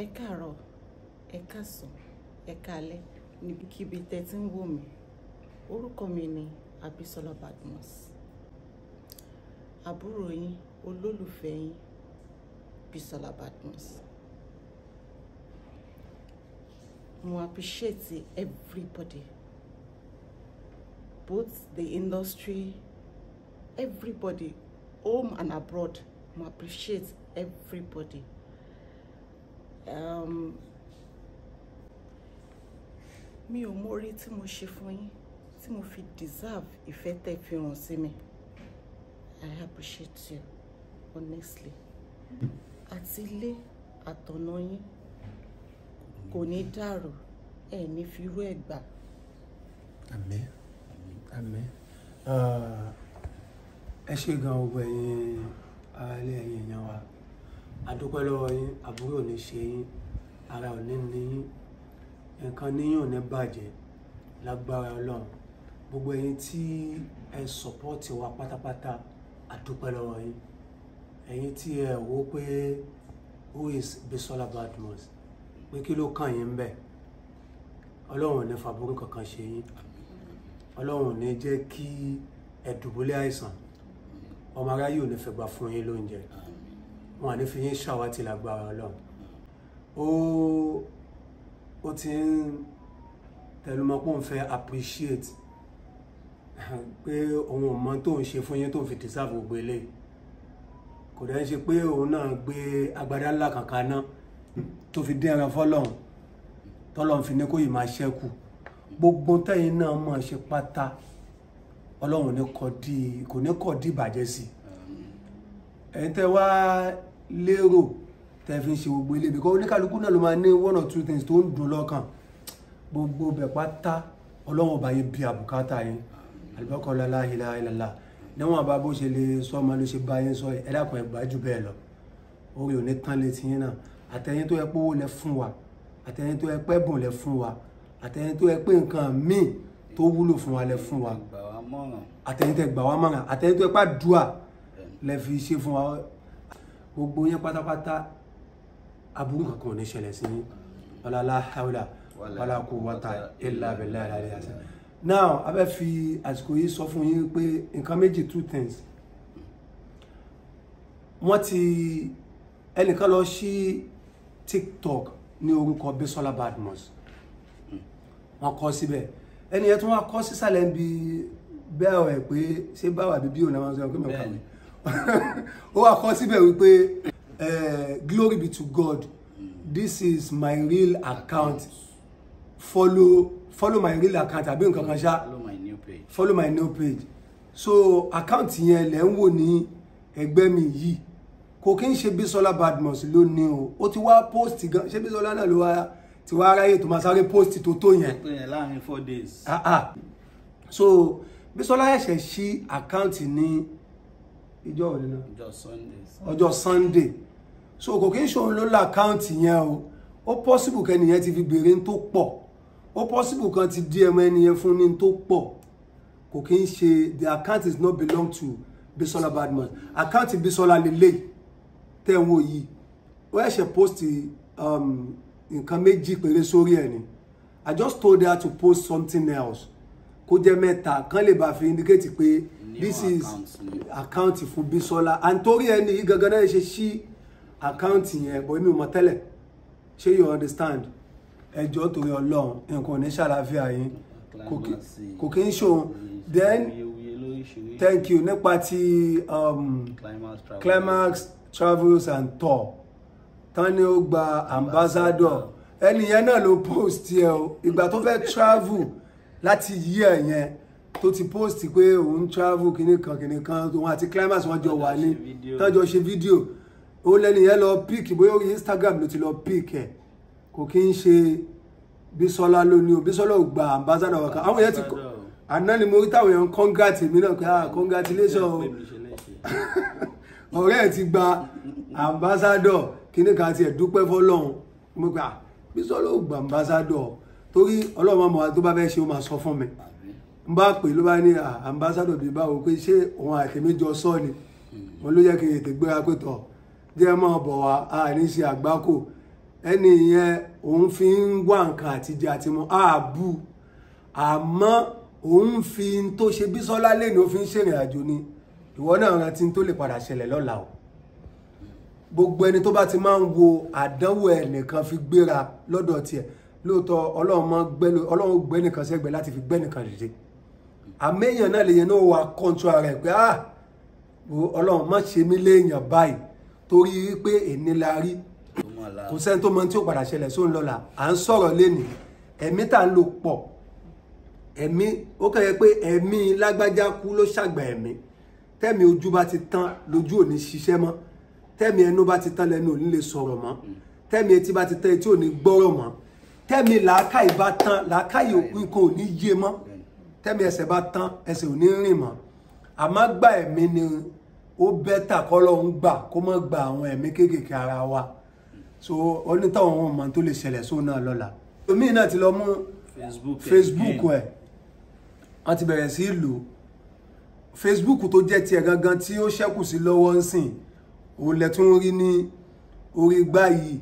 ẹ káàárọ̀ ẹ káàsán ẹ káalẹ́ níbikíbi tẹ́ ti ń wò mí orúkọ mi ni Abisola Badmus àbúrò yín olólùfẹ́ yín Bisola Badmus mo appreciate everybody both the industry everybody home and abroad mo appreciate everybody um, mi ò mórí tí mo ṣe fún yín tí mo fi deserve ìfẹ́ tẹ́ fi hàn sí mi I appreciate you honestly àti ilé àtọ̀nà yín kò ní dàrú ẹ̀ ní firú ẹ̀ gbà. àmín àmín ah, ẹ ṣe gan-an gbẹ̀yìn alẹ́ ẹ̀yìn yẹn wa àdúpẹ́ lọ́wọ́ yín àbúrò ò ní ṣe yín ara ò ní ní yín nǹkan níyìn ní bàjẹ́ lágbára ọlọ́run gbogbo ẹ̀yin tí ẹ sọ̀pọ́ọ̀tì wa pátápátá àdúpẹ́ lọ́wọ́ yín ẹ̀yin tí ẹ wò ó pé who is Bisola Badmus pé kí ló kàn yín bẹ́ẹ̀ ọlọ́run ò ní fàbúrú kankan ṣe yín ọlọ́run ní jẹ́ kí ẹ̀dùbúlẹ̀ àìsàn ọmọ aráyé ò ní fẹ́ gbà fún yín lóúnjẹ wọn à ní fi yín ṣàwátì lágbára ọlọ́run ó ó ti ń tẹnumọ́ pé òun fẹ́ appreciate pé òun ò mọ tó ń ṣe fún yín tó ń fi deserve gbogbo eléyìí kò dẹ́ ṣe pé òun náà gbé agbádá ńlá kankan náà tó fi dín ẹran fọlọ́run tọ́lọ́run fi ní kó yìí máa ṣẹ́kù gbogbo tẹ́yìn náà mọ̀ ṣe pátá ọlọ́run kò ní kọ́ dí ìbàjẹ́ sí ẹ̀yin tẹ́ wá lérò tẹ́ fi ń ṣe gbogbo ilé because oníkálukú náà ló máa ní one or two things tó ń dùn lọ́kàn gbogbo bẹ̀ pátá ọlọ́wọ́n ọba yẹn bí àbùkátà yẹn àlùbọ́kọ́lá láhìlá ìlàlá níwọ̀n àbá bó ṣe lè sọ ọmọ ló ṣe bá yẹn sọ ẹ dákun ẹ gbájú bẹ́ẹ̀ lọ orí òní tán létí yín náà àtẹ̀yìn tó yẹ pé owó lẹ fún wa àtẹ̀yìn tó yẹ pé ẹ̀bùn lẹ fún wa àtẹ̀yìn tó yẹ pé nǹkan míì tó wúlò fún wa lẹ fún wa àtẹ̀yìn tẹ gbà wá mọ̀ràn àtẹ̀yìn tó yẹ pé àdúà lẹ fi ṣe fún wa gbogbo yẹn pátápátá aburú kankan ò ní ṣẹlẹ̀ sí yín ọlọ́lá haúlà wàlá kó wọ́ta ilà abẹ́lẹ́ àlàyé àṣà now a fi àsìkò yìí sọ fún yín pé nǹkan méjì two things wọ́n ti ẹnìkan lọ sí tiktok ní orúkọ Bisola Badmus wọ́n kọ síbẹ̀ ẹni yẹn tí wọ́n kọ sísàlẹ̀ ń bi bẹ́ẹ̀ ọ̀ ẹ̀ pé ṣé báwa bíbí òun náà máa ń sọ ẹ̀ pé mẹ́ta mi. ó wá kọ síbẹ̀ wípé eh, glory be to God this is my real account follow follow my real account àbí nǹkan kan ṣá follow my new page so account yẹn lẹ́ ń wò ní ẹgbẹ́ mi yìí kò kí ń ṣe Bisola Badmus ló ní o ó ti wá post gan ṣé Bisola náà ló wá ti wá ráyè tó máa sáré post tó tó yẹn. tó yẹn láàrin four days. ah ah so Bisola ẹ̀ṣẹ̀ ṣí àkáǹtì ní ìjọ òní náà ọjọ́ sunday so kò kí n ṣòun ló láàkáǹtì yẹn o ó pọ́sibù kẹ́nìyẹn ti fi béèrè ní tó pọ̀ ó pọ́sibù kan ti dí ẹmọ ẹnìyẹn fún ní tó pọ̀ kò kí n ṣe the account is not belong to Bisola Badman. account Bisola lélẹ̀ tẹ̀ ń wò yìí ó ẹ̀ṣẹ̀ post um, nǹkan méjì péré sórí ẹ̀ ni I just told her to post something else kó jẹ́ mẹ́ta kan lè bá fi indicate pé this is àkáǹtì fún Bísọ́lá and torí ẹni yìí gangan náà ṣe ṣí àkáǹtì yẹn bọ̀ èmi ò mọ̀ tẹ́lẹ̀ ṣé you understand ẹjọ́ torí ọlọ́run nǹkan ò ní ṣàlàáfíà yín kò kí ń ṣòun then thank you nípa ti um, climax travels and tour tán ni ó gba ambassador ẹni yẹn náà ló post yẹ o ìgbà tó fẹ́ travel láti yí ẹ̀ yẹn tó ti post pé òun travel kìnnì kan kìnnì kan òun àti climax wọn jọ wà ní tọ́jọ́ ṣe fídíò ó lẹ́nu yẹn lọ pic bóyá Instagram ló ti lọ pic ẹ̀ kò kí ń ṣe Bísọ́lá lónìí o Bísọ́lá ò gba ambassador wà àwọn yẹn ti àná ni mo rí táwọn èèyàn congrats mi náà pé ah congratulation o ọ̀rẹ́ ẹ̀ ti gba ambassador kìnnì kan ti ẹ̀ dúpẹ́ fọlọ́run mo gbà ah, Bísọ́lá ò gba ambassador torí ọlọ́run ọmọ wa tó bá fẹ́ ṣe ó máa sọ fún mi n bá pè ló bá ní ah, ambassadọ bíi báwo pé ṣé òun àtẹ̀mí jọ sọ ni wọn hmm. ló yẹ kí n tètè gbéra pé tọ̀ jẹ́ mọ́ bọ̀ wá a ní ṣe àgbákò ẹni yẹn òun fi ń wá nǹkan àtijọ́ àti mọ́ àbú àmọ́ òun fi ń tó ṣe bísọ́lá lẹ́nu ó fi ń ṣèrìn àjò ni ìwọ náà rántí tó lè padà ṣẹlẹ̀ lọ́la o gbogbo ẹni tó bá ti máa ń wo àdánwò ẹ̀ nìkan fi gbéra lọ́dọ̀ tiẹ̀ lóòótọ́ ọlọ́run gbẹ́nìkan sẹ́gbẹ̀ẹ́ láti fi gbẹ́nìkan dìde àmẹ́yàn náà lèyẹn náà wà kọ́ńtù ara ẹ̀ pé ah ọlọ́run má ṣe mí léèyàn báyìí torí wípé èní la rí kò sẹ́ni tó mọ tí ó padà ṣẹlẹ̀ sóun lọ́la à ń sọ̀rọ̀ lẹ́nu ẹ̀mí tá à ń lò pọ̀ ẹ̀mí ó kẹ́yẹ pé ẹ̀mí lágbájá kú ló ṣàgbà ẹ̀mí tẹ́mi ojú bá ti tán lójú ò ní ṣiṣẹ́ mọ́ tẹ́mi ẹnu bá ti tán lẹ́nu ò ní lè sọ̀rọ̀ mọ́ tẹ́mi etí bá ti tán etí ò ní gbọ́rọ̀ mọ́ tẹ́mi làákàyè bá tán làákàyè nǹkan ò ní yé mọ́ tẹ́mi ẹsẹ̀ bá tán ẹsẹ̀ ò ní rìn mọ́ àmọ́ gba ẹ̀mí ni ó bẹ́tà kọ́lọ́ ń gbà kó mọ́ gba àwọn ẹ̀mí kéékèèké ara wa so onítàwọn ohun mọ̀ tó lè ṣẹlẹ̀ sóun náà lọ́la omi náà ti lọ mú Facebook ẹ̀ wọ́n ti bẹ̀rẹ̀ sí lò Facebook tó jẹ́ tiẹ̀ gangan tí ó ṣẹ́kù sí lọ́wọ́ ń sìn òun lẹ tún rí ní orí gbá yìí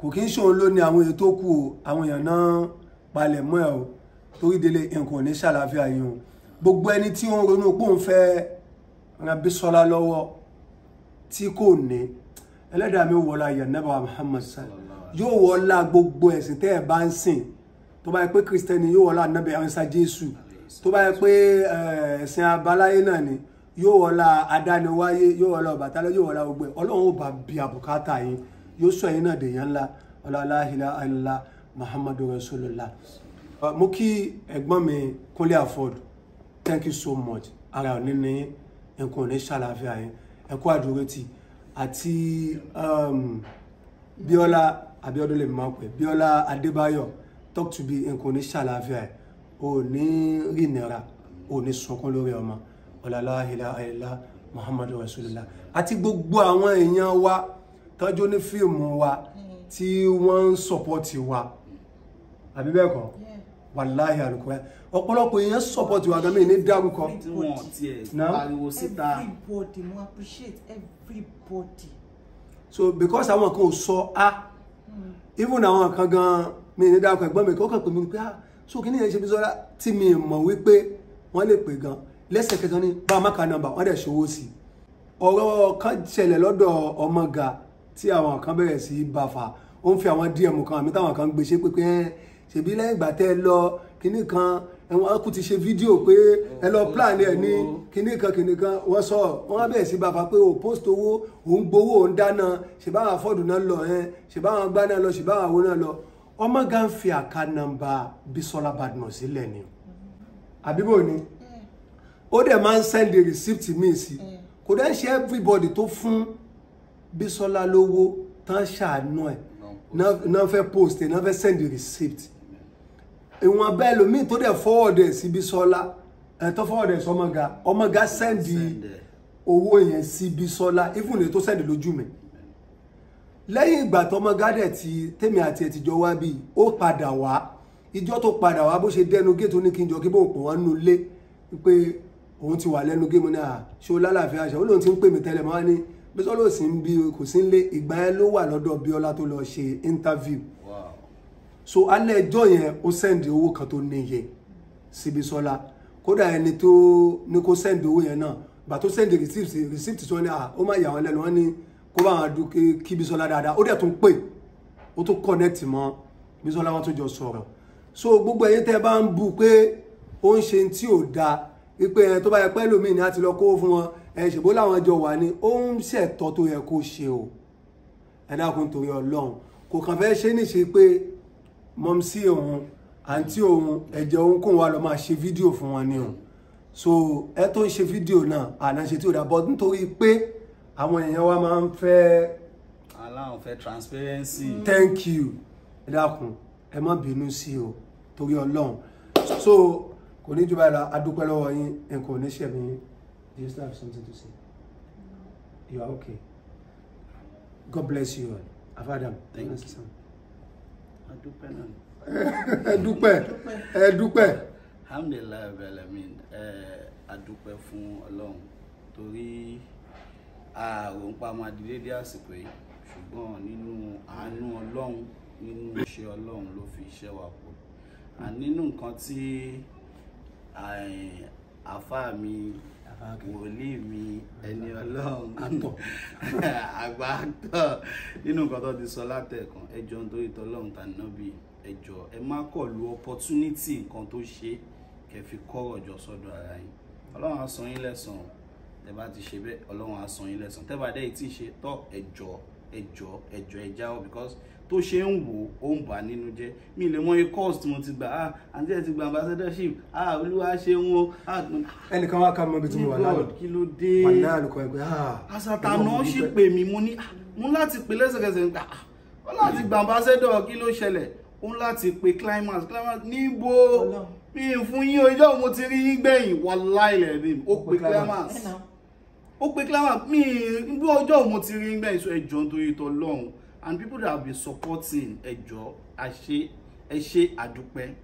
kò kí ń ṣòun ló ní àwọn ètò kù àwọn èèyàn náà palẹ̀mọ́ ẹ̀ o torí délé nǹkan ò ní ṣàlàáfíà yìí o gbogbo ẹni tí ó ń ronú pé òun fẹ́ ran Bísọ́lá lọ́wọ́ tí kò ní ẹlẹ́dàá mi wọlá yanaba Muhammad sall yóò wọlá gbogbo ẹ̀sìn tẹ́ ẹ̀ bá ń sìn tó bá yẹ pé kristẹni yóò wọlá anabi ansa Jésù tó bá yẹ pé eh, ẹ̀sìn abáláyé náà ni yóò wọlá adániwáyé yóò wọlá Ọbàtálá yóò wọlá gbogbo ẹ̀ ọlọ́run ó bá bí àbùkátà yín yóò sọ yín náà dèèyàn ńlá ọlọ́lá ilá ilá Muhammadu Rasulullah. Uh, mo kí ẹ̀gbọ́n mi Kúnlé Afod thank you so much ara ò ní ní nǹkan ò ní ṣàlàáfíà yẹn ẹ kú àdúrótì àti um, Bíọ́lá Abíọ́dún lè máa pè Bíọ́lá Adébáyọ̀ talk to be nǹkan ò ní ṣàlàáfíà yẹn ò ní rìnira ò ní sunkún lórí ọmọ ọ̀làlá ìlà àìlá Muhammadu Rasulullah àti gbogbo àwọn èèyàn wa tọ́jú ní fíìmù wa tí wọ́n ń sọ̀pọ̀tì wa. Mm -hmm àbí bẹ́ẹ̀ kọ́ wàláhì àlùkò yẹn ọ̀pọ̀lọpọ̀ èèyàn support wa gan mi ní dárúkọ. everybody mo appreciate everybody. so because àwọn kan ò sọ a even àwọn kan gan mi ní dárúkọ ẹ̀gbọ́n mi kọ́kàn pè mí pé ah so kí ni ìyẹn ṣe fi sọ́ra tí mi mọ̀ wípé wọ́n lè pè gan lẹ́sẹ̀kẹsẹ̀ ní bá a má ka nọ́mbà wọ́n dẹ̀ ṣòwò sí i ọ̀rọ̀ kan ṣẹlẹ̀ lọ́dọ̀ ọmọ ga tí àwọn kan bẹ̀rẹ̀ sí í bàfà ó ń fi àwọn díẹ̀mù kan àmì táwọn kan gbèsè pé pé ẹ́ ṣèbí lẹ́yìn ìgbà tẹ́ ẹ lọ kinní kan ẹ̀wọ̀n ọkùn ti ṣe fídíò pé ẹ lọ plan ẹ̀ ní kinní kan kinní kan wọ́n sọ wọ́n bẹ̀rẹ̀ sí bàbá pé o post owó òun gbowó òun dáná ṣèbáwọn afọ́dù náà lọ ẹ ṣèbáwọn gbá náà lọ ṣèbáwọn àwo náà lọ ọmọ gan fi àka nàmbà Bisola Badmus sílẹ̀ ni àbíbò ni hmm. ó dẹ̀ máa ń send the receipt mi sí hmm. kò dẹ́ ṣe everybody tó fún Bisola lówó tán ṣàánú ẹ̀ náà fẹ́ post ẹ̀ náà fẹ́ send the receipt ìwọ̀n bẹ́ẹ̀ lómi tó dẹ̀ fọwọ́dẹ̀ síbi sọ́lá ẹ̀ fọwọ́dẹ̀ sọmọga ọmọga sẹ́ndì owó yẹn síbi sọ́lá even èyí sẹ́ndì lójú mi lẹ́yìn ìgbà tọmọga dẹ̀ ti tèmi àti ẹ̀ tìjọ wá bíi ó padà wá ìjọ tó padà wá bó ṣe dẹnu géètì oníkíjọ kí bó pọ̀ wọ́n nu lé pé òun ti wà lẹ́nu géèmù náà ṣé o lálàáfíà ṣe ó lóun ti ń pè mí tẹ́lẹ̀ mọ́ wá ní bísọ́ ló bí kò sí ń lé ìgbà yẹn ló wà lọ́dọ̀ Bíọ́lá tó lọ ṣe interview so alẹ́ ẹjọ́ yẹn ó sẹ́ndì owó kan tó níye síbi sọ́lá kódà ẹni tó ní kó sẹ́ndì owó yẹn náà gbà tó sẹ́ndì receipt receipt tí wọ́n ní ah, ó má yà wọ́n lẹ́nu wọ́n ní kó bá wọn dúkè kí Bísọ́lá dáadáa ó dẹ̀ tún pè ó tún connect mọ́ Bísọ́lá wọn tún jọ sọ̀rọ̀ so gbogbo ẹ̀yin tẹ́ bá ń bu pé ó ń ṣe tí ò da wípé ẹ tó bá yẹ pẹ́ lómi ni a ti lọ kó fún wọn ẹ ṣèbó láwọn jọ wà ní ó ń ṣẹ̀tọ́ tó yẹ kó ṣe o ẹ dákun torí Ọlọ́run kò kàn fẹ́ ṣe níṣe pé mọ́mísí òun àǹtí òun ẹ̀jẹ̀ òun kóun wá lọ máa ṣe fídíò fún wọn ni o so ẹ tó ń ṣe fídíò náà àlàṣe tí ò dá bọ́ nítorí pé àwọn èèyàn wa máa ń fẹ́. aláwọ̀ fẹ́ transparency. thank you ẹ dákun ẹ má bínú sí o torí ọlọ́run so kò ní ju báyìí adúpẹ́ lọ́wọ́ yín nǹkan ò ní ṣẹ̀mí yín do you still have something to say you are okay god bless you all afadam thank you ẹdúpẹ́ ẹdúpẹ́. alhamdulilayi abdulhamid ẹ adúpẹ́ fún Ọlọ́run torí ààrùn pamadi dédé àsìkò yìí ṣùgbọ́n nínú àánú Ọlọ́run nínú iṣẹ́ Ọlọ́run ló fi iṣẹ́ wa pọ̀ nínú nǹkan tí àfáà mi wòlíì mi ẹni ọlọ́run àtọ̀ àgbà àtọ̀ nínú nǹkan tó ti sọ látẹ̀kàn ẹjọ́ nítorí tọ́lọ́run tàní náà bíi ẹjọ́ ẹ má kọ̀ lu opportunity nǹkan tó ṣe kẹ́ fi kọ́rọ̀ jọ sọ́dọ̀ ara yín ọlọ́run á san yín lẹ́san tẹ́ bá ti ṣe bẹ́ẹ̀ ọlọ́run á san yín lẹ́san tẹ́ bá dẹ́ ì tí ì ṣe tọ́ ẹjọ́ ẹjọ́ ẹjọ́ ẹjáwọ́ because tó ṣe ń wò ó ń bà nínú jẹ́ mi lè mọ iye course tí mo ti gbà ah àǹtí ẹ ti gba ambassadorship ah olúwa ṣe ń wo ah. ẹnìkan wá ká mọ ibi tí mo wà lánàá oh kí ló dé wà ní àlùkò ẹgbẹ ah. àṣàtànà ṣì pè mí mo ní ah, mo láti pè lẹ́sẹ̀kẹsẹ̀ ń gbà ah, ó láti gba ambassador kí ló ṣẹlẹ̀ ó láti pe climax climax níbo mi fún yín ọjọ́ mo ti rí yín gbẹ̀yìn wallahi lẹ́ẹ̀mí ó pe climax ó pe climax mi ní ọjọ́ mo ti rí yín gbẹ̀yìn sọ ẹjọ́ nítorí tọ́lọ́run and people that have been supporting ẹjọ àṣe ẹṣe àdúpẹ́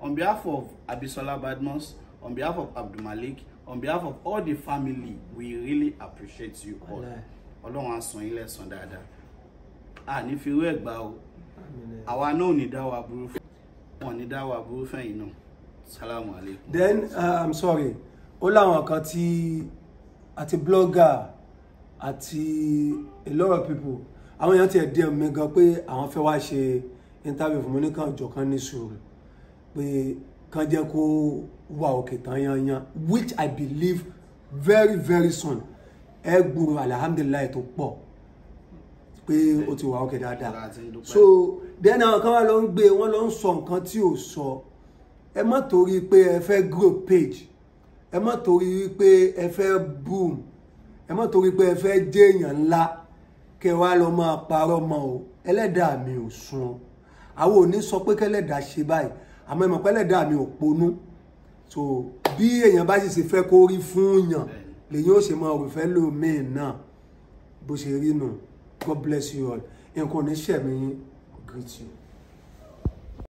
on behalf of Abisola Badmus on behalf of Abdul Malik, on behalf of all the family we really appreciate you all Ọlọ́run á son yín lẹ́san dáadáa a ní fi irú ẹ̀ gbà o àwa náà ò ní dá wa burú fún wọn ní then uh, i'm sorry ó láwọn kan tí blogger ati a lot of people àwọn èèyàn tiẹ̀ DM mi gan pé àwọn fẹ́ wá ṣe interview fún mi ní kàn jọ kàn ní sùúrù pé kàn jẹ́ kó wà òkè tán yanyan which I believe very very soon ẹ gbúrò alihamudulilayi tó pọ̀ pé ó ti wà òkè dáadáa so then àwọn kan wá lọ ń gbé wọn lọ ń sọ nǹkan tí ò sọ ẹ má torí pé ẹ fẹ́ grow page ẹ má torí pé ẹ fẹ́ boom ẹ má torí pé ẹ fẹ́ jẹ́ èèyàn ńlá kẹ wá lọ máa parọ́ mọ́ o ẹlẹ́dàá mi ò sun ọ àwọn ò ní sọ pé kẹlẹ́dàá ṣe báyìí àmọ́ ìmọ̀ pẹ́lẹ́dàá mi ò ponú so bí èèyàn bá sì ṣe fẹ́ kó rí fún yàn lèyìn ó ṣe máa rò fẹ́ lómìn náà bó ṣe rí nù God bless you all nǹkan ò ní ṣẹ̀mí greet you.